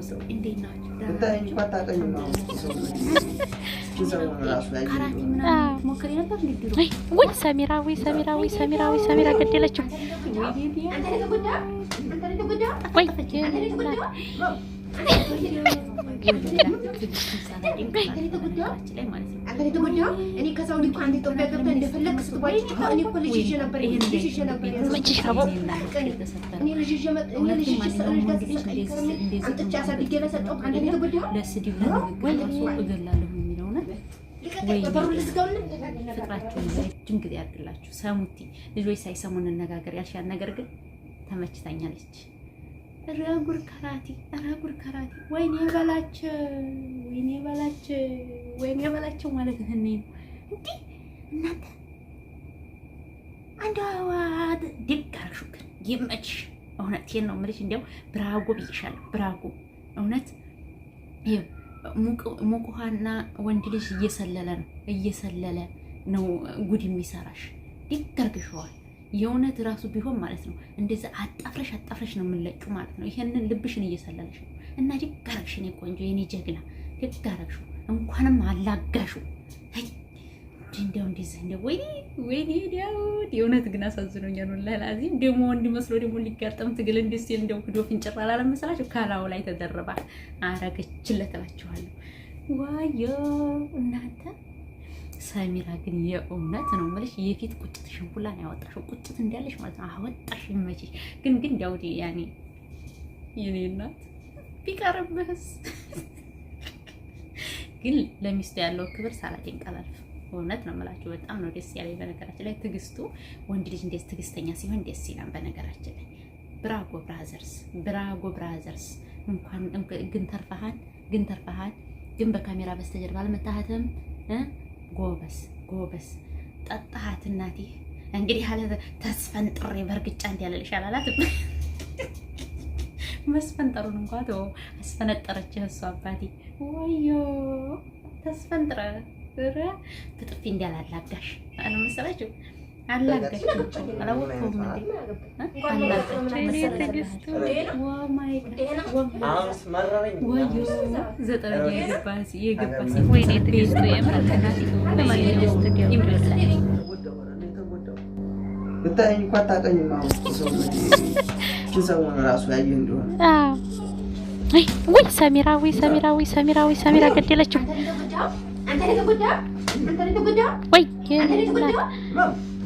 የምትፈወሰው እንዴት ናቸው? ወይ ሰሚራ ወይ ሰሚራ ወይ ሰሚራ ወይ ሰሚራ ገደለችው። እኔ ከሳው ልጅ አንድ ኢትዮጵያ ገብተን እንደፈለግ ፍቅራችሁን ጊዜ ያድርግላችሁ። ሰሙቲ ልጆች ሳይሰሙ እንነጋገር ነገር ግን ተመችታኛለች። ረጉር ከራቲ ረጉር ከራቲ ወይኔ በላቸው ወይኔ በላች ወይኔ በላቸው ማለት ይህኔ ነው። እንዲህ እናንተ አንድ ዋት ድብ አርሹ ግን ይመችሽ። እውነቴን ነው የምልሽ። እንዲያው ብራጎ ብዬሻለሁ። ብራጎ እውነት ሙቅ ውሃና ወንድ ልጅ እየሰለለ ነው እየሰለለ ነው ጉድ የሚሰራሽ ድግ አርግሸዋል። የእውነት ራሱ ቢሆን ማለት ነው እንደዛ አጣፍረሽ አጣፍረሽ ነው የምንለጩ ማለት ነው። ይሄንን ልብሽን እየሰለለሽ ነው እና ደግ አደረግሽ የኔ ቆንጆ የኔ ጀግና ደግ አደረግሽው። እንኳንም አላጋሹ እንዲያው እንደዚህ እንደው ወይ ወይኔ እንዲያው የእውነት ግን አሳዝኖኛል። ወላሂ ላዚም ደግሞ ወንድ መስሎ ደግሞ ሊጋጠም ትግል እንዲህ ሲል እንደው ክዶ ፍንጭር አላለም መሰላችሁ ካላው ላይ ተደረባ አረገችለት እላችኋለሁ። ዋዮ እናንተ ሰሚራ ግን የእውነት ነው የምልሽ የፊት ቁጭት ሽንኩላ ነው ያወጣሽው። ቁጭት እንዳለሽ ማለት ነው አወጣሽ። መቼሽ ግን ግን ዳውዴ ያኔ የኔ እናት ቢቀርብህስ ግን ለሚስቱ ያለው ክብር ሳላደንቅ አላልፍም። እውነት ነው የምላችሁ በጣም ነው ደስ ያለኝ። በነገራችን ላይ ትግስቱ ወንድ ልጅ እንዴት ትግስተኛ ሲሆን ደስ ይላል። በነገራችን ላይ ብራጎ ብራዘርስ፣ ብራጎ ብራዘርስ እንኳን ግን ተርፈሃል፣ ግን ተርፈሃል፣ ግን በካሜራ በስተጀርባ አልመታህትም። ጎበስ ጎበስ ጠጣሃት እናቴ። እንግዲህ ያለ ጥሬ በእርግጫ እንዲ ያለልሽ ይሻላላት። መስፈንጠሩን እንኳ ተወው፣ አስፈነጠረች እሱ አባቴ። ወዮ ተስፈንጥረ ብጥፊ እንዲ እንዲያላላጋሽ አለመሰላችሁ ብታይኝ እኮ አታውቀኝም። ሰውን እራሱ ያየህ እንደሆነ ወይ ሰሚራ ወይ ሰሚራ ወይ ሰሚራ ወይ ሰሚራ ገደለችው ወይ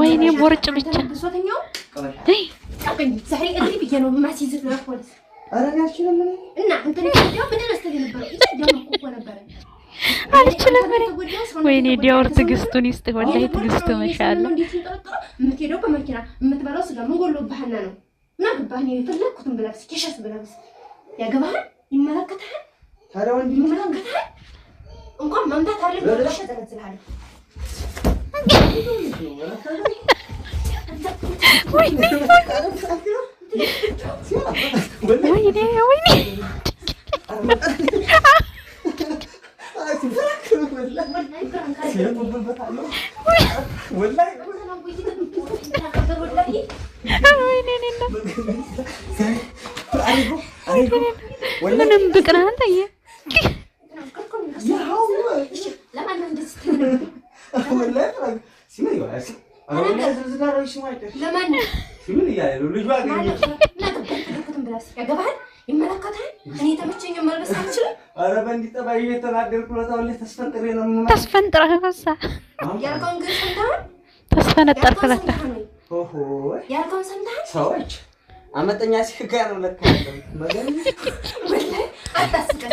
ወይኔ ቦርጭ ብቻ አልችልም። ወይኔ ዲያወር ትዕግስቱን ይስጥ። ወላሂ ትዕግስቱ መሻለ የምትሄደው በመኪና የምትበላው ስጋ ምን ጎሎብህና ነው? ምን አገባህ? የፈለግኩትን ብለብስ ብለብስ ይመለከትሃል? ይመለከትሃል እንኳን መምታት አለ ምንም ብቅናንተ ያገባሃል፣ ይመለከታል። እኔ ሰዎች አመጠኛ ሲጋ ነው ለካ ያለው መገን ወላይ አታስቀኝ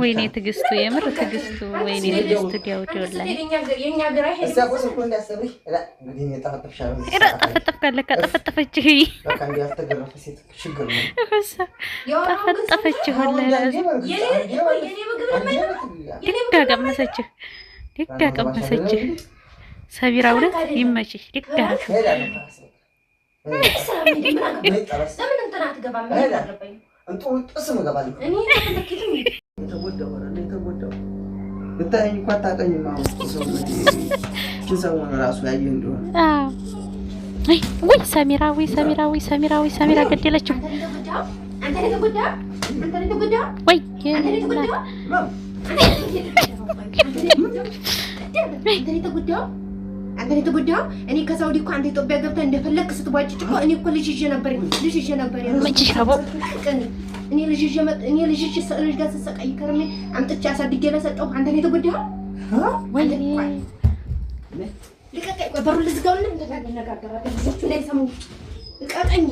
ወይኔ ትግስቱ የምር ትዕግስቱ፣ ወይኔ ትዕግስቱ ዲያውዲዮ ላይ ጠፈጠፍካለካ ጠፈጠፈችህ፣ ጠፈጠፈችህ፣ ድግ አቀመሰችህ፣ ድግ አቀመሰችህ። ሰቢራ እውነት ይመችህ፣ ድግ አረግሽው። እንጦርጥስ እገባለሁ። እኔ የተጎዳሁ እኮ አታውቀኝም። ሰውን እራሱ ያየህ እንደሆነ ወይ ሰሚራ ወይ ሰሚራ ወይ ሰሚራ ወይ ሰሚራ ገደለችው። ወይ አንተ አንተ የተጎዳ እኔ ከሳውዲ እኮ አንተ ኢትዮጵያ ገብተህ እንደፈለክ ስትቧጭጭ እኮ እኔ እኮ ልጅ ይዤ ነበር ልጅ ይዤ ነበር። እኔ ልጅ ይዤ እኔ ልጅ ጋር ስትሰቃይ ከርሜ አምጥቼ አሳድጌ ለሰጠሁ አንተ ነው የተጎዳ። ልቀቀኝ፣ ቆይ በሩን ልዝጋውና እንነጋገራለን። ልጆቹ እንዳይሰሙ ልቀቀኝ፣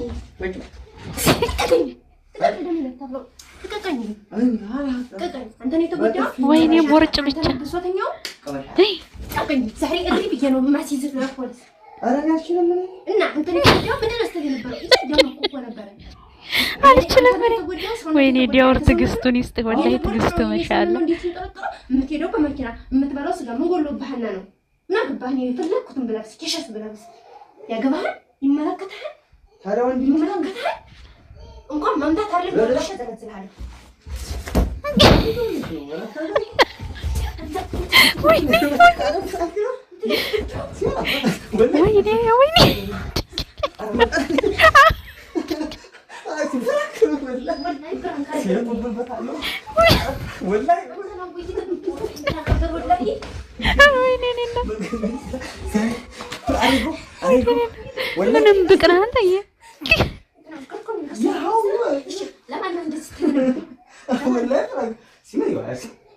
ልቀቀኝ ልቀቀኝ። አንተ ነው የተጎዳ። ወይኔ ቦርጭ ብቻ ብሶተኛው ጠብቀኝ። ዛሬ እሪ ብዬ ምንድነው አልችልም። ወይኔ ዲያወር ትዕግስቱን ይስጥህ። ወላሂ ትዕግስቱ መሻለ የምትሄደው በመኪና የምትበላው ስጋ ምን ጎሎብህና ነው? ምን አገባህ? የፈለግኩትን ብለብስ ኬሸት ብለብስ ይመለከትሃል? ይመለከትሃል? እንኳን መምታት አለ Winnie, Winnie. Winnie, Winnie. Sí me digo eso.